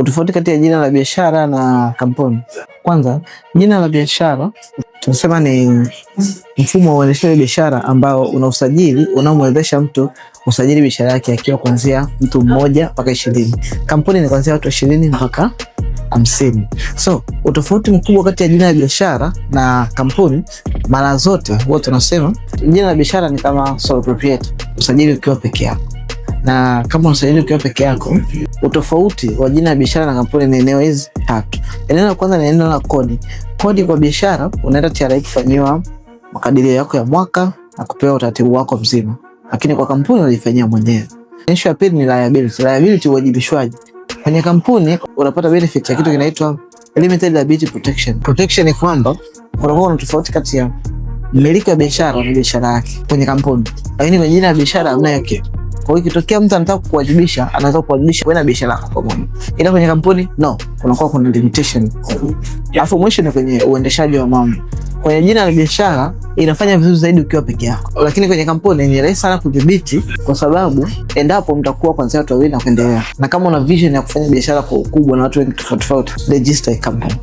Utofauti kati ya jina la biashara na kampuni. Kwanza, jina la biashara tunasema ni mfumo wa uendeshaji biashara ambao una usajili unaomwezesha mtu usajili biashara yake akiwa kuanzia mtu mmoja mpaka ishirini. Kampuni ni kuanzia watu ishirini mpaka hamsini. So utofauti mkubwa kati ya jina la biashara na kampuni, mara zote huwa tunasema jina la biashara ni kama sole proprietor, usajili ukiwa peke yako na kama unasajili ukiwa peke yako. Utofauti wa jina ya biashara na kampuni ni eneo hizi tatu. Eneo la kwanza ni eneo la kodi. Kodi kwa biashara unaenda TRA kufanyiwa makadirio yako ya mwaka na kupewa utaratibu wako mzima, lakini kwa kampuni unajifanyia mwenyewe. Issue ya pili ni liability. Liability, uwajibishwaji kwenye kampuni unapata benefit ya kitu kinaitwa limited liability protection. Protection ni kwamba unakuwa na tofauti kati ya mmiliki wa biashara na biashara yake kwenye kampuni, lakini kwenye jina la biashara hamna hiyo kitu. Kwa hiyo ikitokea mtu anataka kukuwajibisha, anaweza kukuwajibisha wewe na biashara yako pamoja, ila kwenye kampuni no, kunakuwa kuna limitation. Alafu mwisho ni kwenye uendeshaji wa mambo. Kwenye jina la biashara inafanya vizuri zaidi ukiwa peke yako, lakini kwenye kampuni ni rahisi sana kudhibiti, kwa sababu endapo mtakuwa kwanzia watu wawili na kuendelea, na kama una vision ya kufanya biashara kwa ukubwa na watu wengi tofauti tofauti, register a company.